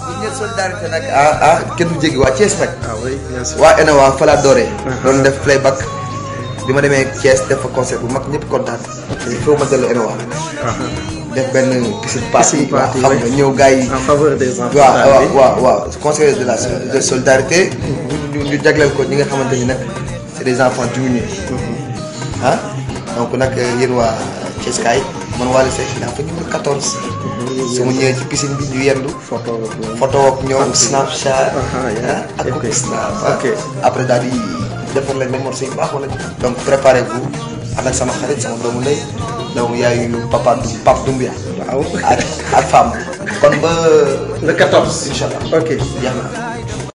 bu ñu nee solidarité nag ah ah kenn du jéggi waa Thiès nag. Ah waa ENAWA fa laa dooree. Ah, ah. doon def playback bi ma demee Thiès def fa concert bu mag ñëpp kontaan. il faut ma dellu ENAWA. def benn piscine party waaw xam nga ñëw gars yi. en faveur des enfants waaw waaw waaw conseil de la solidarité. ñu ñu jagleel ko ñi nga xamante ni nag c'est des enfants diminués. Mm-hmm. ah donc nag yéen waa Thiès kaay. man Wally Seck naa fa numéro 14. su ma ñëwee ci piscine bi ñu yendu. photo photo ak ñoom Snapchat. Ah, ah, ah, ak ok ok après daal di defar leen mémoire yu baax wala. donc préparé bu ànd sama xarit sama doomu ndey doomu yaayu papa du Pape ak ak kon ba. le 14 incha